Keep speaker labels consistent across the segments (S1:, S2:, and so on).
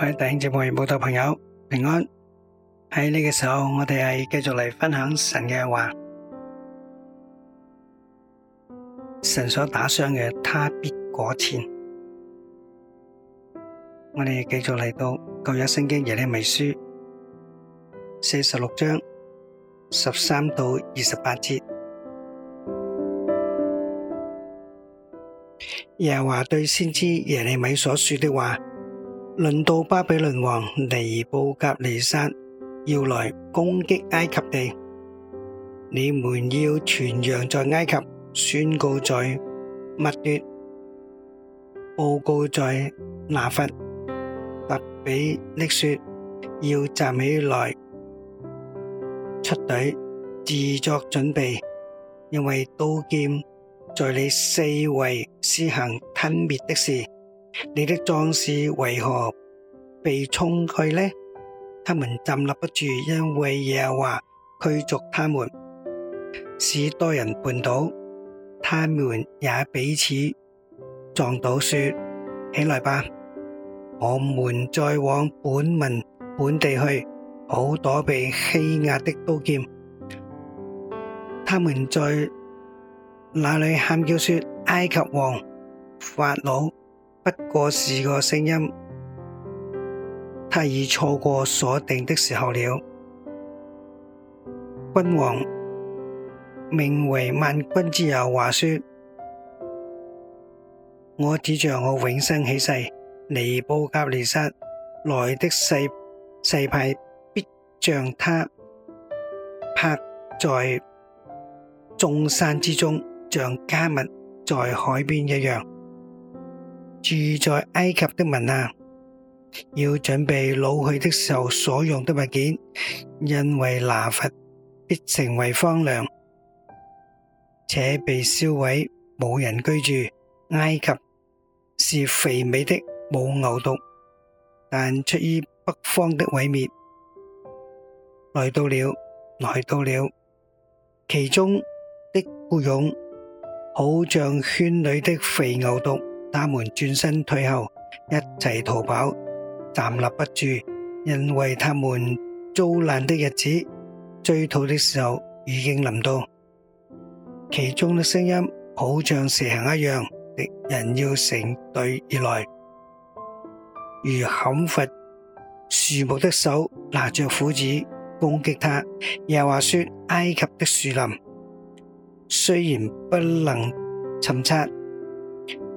S1: 各位弟兄姊妹、慕道朋友，平安！喺呢個時候，我哋係繼續嚟分享神嘅話。神所打傷嘅，他必裹纏。我哋繼續嚟到舊約聖經耶利米書四十六章十三到二十八節。耶和華對先知耶利米所說的話。輪到巴比倫王尼布甲尼撒要來攻擊埃及地，你們要傳揚在埃及，宣告在密奪，報告在拿弗特比匿說，要站起來出隊，自作準備，因為刀劍在你四圍施行吞滅的事。你的壯士為何被沖去呢？他們站立不住，因為耶和華驅逐他們，使多人絆倒，他們也彼此撞倒，說：起來吧，我們再往本民本地去，好躲避欺壓的刀劍。他們在那裏喊叫說：埃及王法老。不過是個聲音，他已錯過鎖定的時候了。君王命為萬軍之首，話說，我指着我永生起誓，尼布甲尼撒來的世世派必像他拍在眾山之中，像迦密在海邊一樣。住在埃及的民啊，要準備老去的時候所用的物件，因為挪弗必成為荒涼，且被燒毀，冇人居住。埃及是肥美的，母牛犢，但出於北方的毀滅，來到了，來到了，其中的雇勇好像圈裏的肥牛犢。他們轉身退後，一齊逃跑，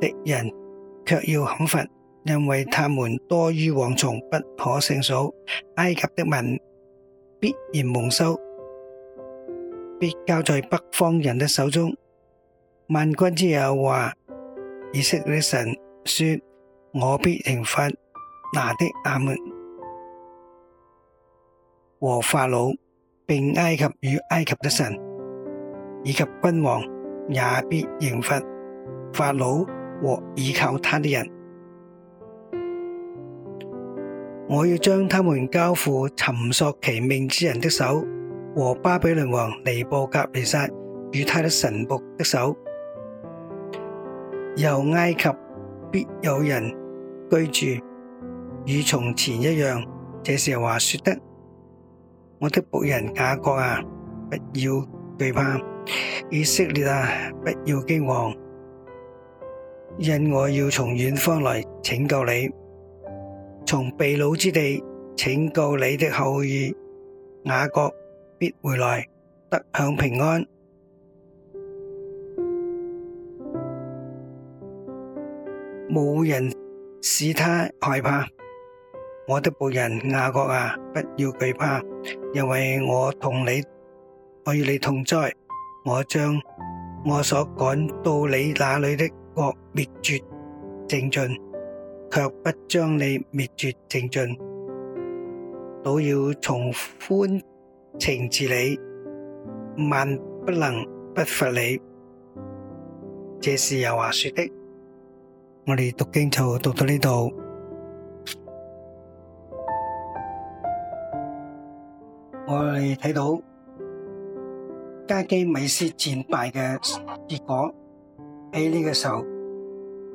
S1: 的人卻要砍伐，因為他們多於蝗蟲，不可勝數。埃及的民必然蒙羞，必交在北方人的手中。萬軍之耶和華，以色列的神說：我必刑罰挪的亞捫和法老，並埃及與埃及的神，以及君王也必刑罰法，法老。和倚靠他的人，我要將他們交付尋索其命之人的手，和巴比倫王尼布甲尼撒與他的臣僕的手。又埃及必有人居住，與從前一樣。這是話說得，我的僕人雅各啊，不要懼怕，以色列啊，不要驚惶。因我要從遠方來拯救你，從被擄之地拯救你的後裔，雅各必回來得享平安。冇人使他害怕，我的僕人雅各啊，不要懼怕，因為我同你，我與你同在，我將我所趕到你那裏的。國滅絕淨盡，卻不將你滅絕淨盡，倒要從寬懲治你，萬不能不罰你。這是有話說的。我哋讀經就讀到呢度，我哋睇到加基米斯戰敗嘅結果。喺呢個時候，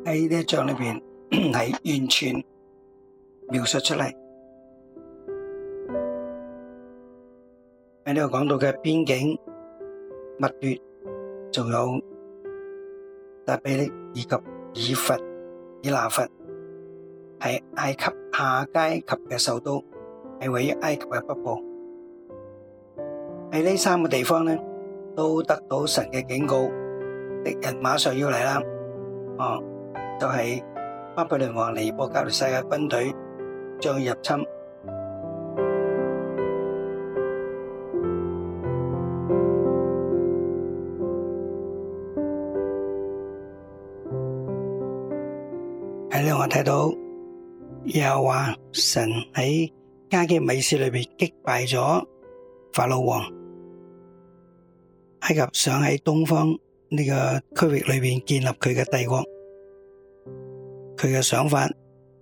S1: 喺呢一章裏邊係 完全描述出嚟。喺呢度講到嘅邊境、密奪，仲有達比力以及以佛以拿佛，喺埃及下階級嘅首都，係位於埃及嘅北部。喺呢三個地方咧，都得到神嘅警告。敵人馬上要嚟啦，哦，就係巴比倫王尼波加利世界軍隊將要入侵。喺呢，我睇到又話神喺加基米士裏邊擊敗咗法老王，埃及想喺東方。呢、這個區域裏面建立佢嘅帝國，佢嘅想法，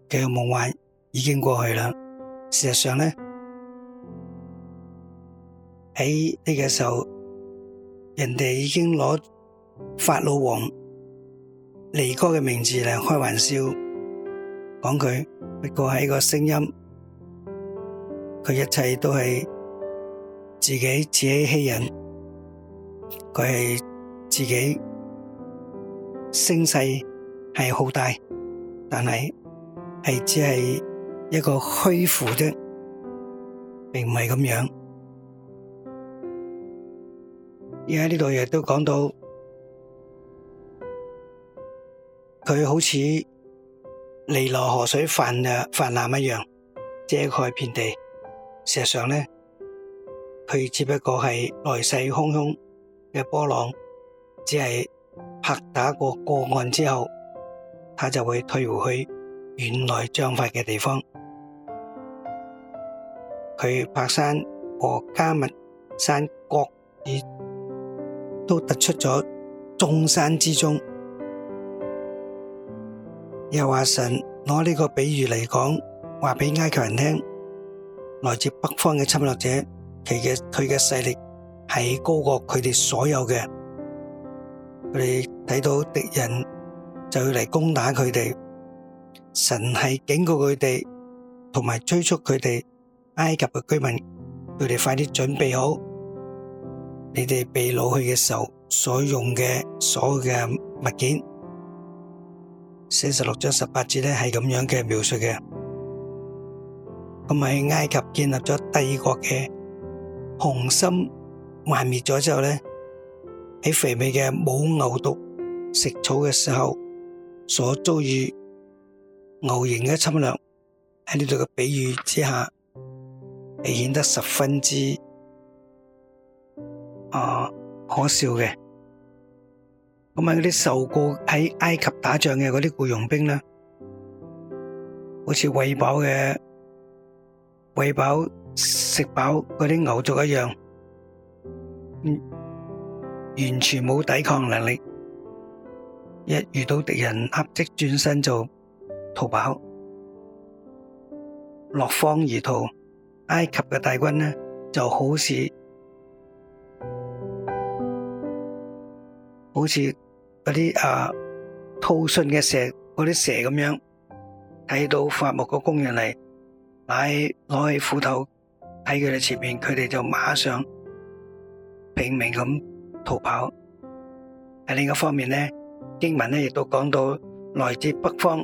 S1: 佢嘅夢幻已經過去啦。事實上呢，喺呢個時候，人哋已經攞法老王尼哥嘅名字嚟開玩笑，講佢不過係一個聲音，佢一切都係自己自欺欺人，佢係。自己聲勢係好大，但係係只係一個虛浮啫，並唔係咁樣。而喺呢度亦都講到，佢好似尼羅河水泛泛濫一樣，遮蓋遍地。事實上咧，佢只不過係來勢洶洶嘅波浪。只係拍打過個案之後，他就會退回去原來帳快嘅地方。他泊山和迦密山各已都突出咗眾山之中。又話神攞呢個比喻嚟講話俾埃及人聽，來自北方嘅侵略者，其嘅佢嘅勢力係高過佢哋所有嘅。佢哋睇到敵人就要嚟攻打佢哋，神係警告佢哋，同埋催促佢哋埃及嘅居民，佢哋快啲準備好你哋被擄去嘅時候所用嘅所有嘅物件。四十六章十八節咧係咁樣嘅描述嘅，咁喺埃及建立咗帝國嘅雄心幻滅咗之後咧。喺肥美嘅母牛犢食草嘅時候，所遭遇牛型嘅侵略，喺呢度嘅比喻之下，係顯得十分之啊可笑嘅。咁啊，嗰啲受過喺埃及打仗嘅嗰啲僱傭兵咧，好似餵飽嘅，餵飽食飽嗰啲牛族一樣。嗯完全冇抵抗能力，一遇到敵人，立即轉身就逃跑，落荒而逃。埃及嘅大軍呢，就好似好似嗰啲啊吐信嘅蛇，嗰啲蛇咁樣，睇到伐木個工人嚟，拿攞起斧頭喺佢哋前面，佢哋就馬上拼命咁。逃跑。喺另一方面呢，經文呢亦都講到來自北方，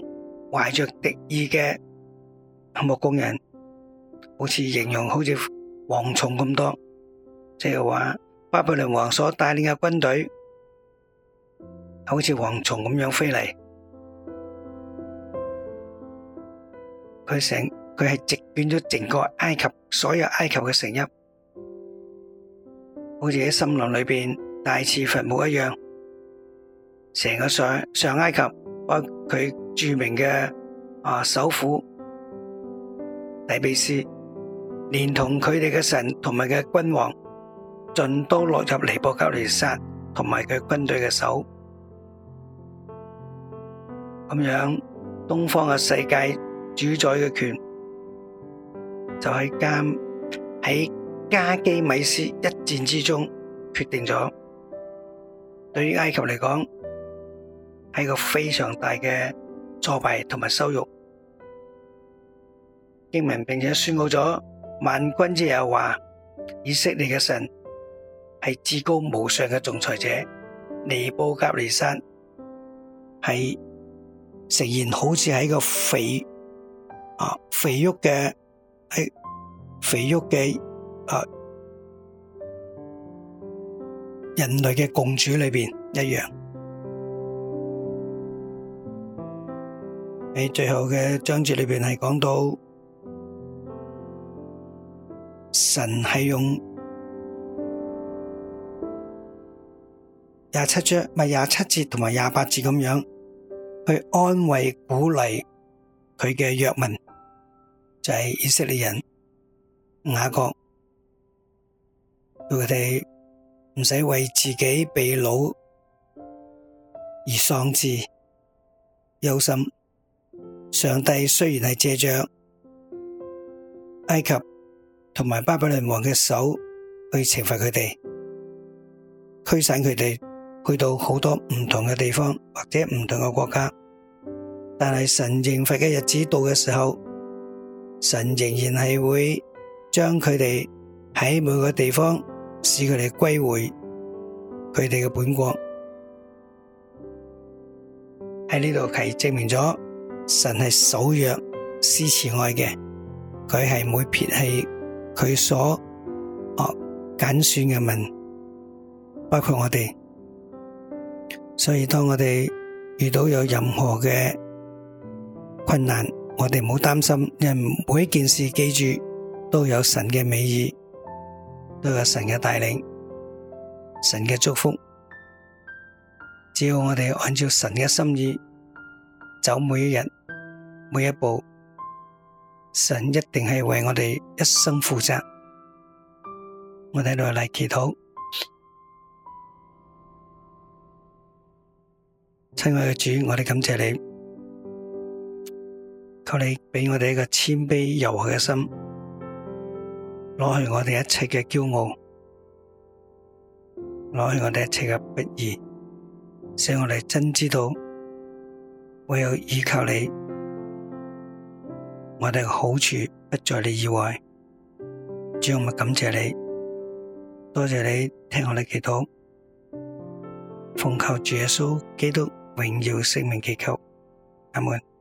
S1: 懷着敵意嘅木工人，好似形容好似蝗蟲咁多，即係話巴比倫王所帶領嘅軍隊，好似蝗蟲咁樣飛嚟。佢成佢係直捲咗整個埃及，所有埃及嘅城邑，好似喺森林裏邊。大次墳墓一樣，成個上上埃及，包括佢著名嘅，啊、首府底比斯，連同佢哋嘅神同埋嘅君王，盡都落入尼布甲尼撒同埋佢軍隊嘅手，咁樣，東方嘅世界主宰嘅權，就喺加喺加基米斯一戰之中決定咗。對於埃及嚟講，係個非常大嘅挫敗同埋羞辱。經文並且宣告咗萬軍之耶和華，以色列嘅神係至高無上嘅仲裁者。尼布甲尼山係呈現好似喺個肥啊肥沃嘅係肥沃嘅。人類嘅共處裏邊一樣，喺最後嘅章節裏邊係講到神係用廿七章咪廿七節同埋廿八節咁樣去安慰鼓勵佢嘅約民，就係、是、以色列人雅各，佢哋。唔使為自己被擄而喪志憂心。上帝雖然係借着埃及同埋巴比倫王嘅手去懲罰佢哋，驅散佢哋去到好多唔同嘅地方或者唔同嘅國家，但係神懲罰嘅日子到嘅時候，神仍然係會將佢哋喺每個地方，使佢哋歸回佢哋嘅本國，喺呢度係證明咗神係守約施慈愛嘅，佢係唔會撇棄佢所哦揀選嘅民，包括我哋。所以當我哋遇到有任何嘅困難，我哋唔好擔心，因為每一件事記住都有神嘅美意。都有神嘅帶領，神嘅祝福。只要我哋按照神嘅心意走，每一日每一步，神一定係為我哋一生負責。我哋喺度嚟祈禱，親愛嘅主，我哋感謝你，求你俾我哋一個謙卑柔和嘅心。攞去我哋一切嘅驕傲，攞去我哋一切嘅不易，使我哋真知道唯有依靠你，我哋嘅好處不在你以外。主，我哋感謝你，多謝你聽我哋祈禱，奉靠主耶穌基督榮耀聖名祈求阿門。Amen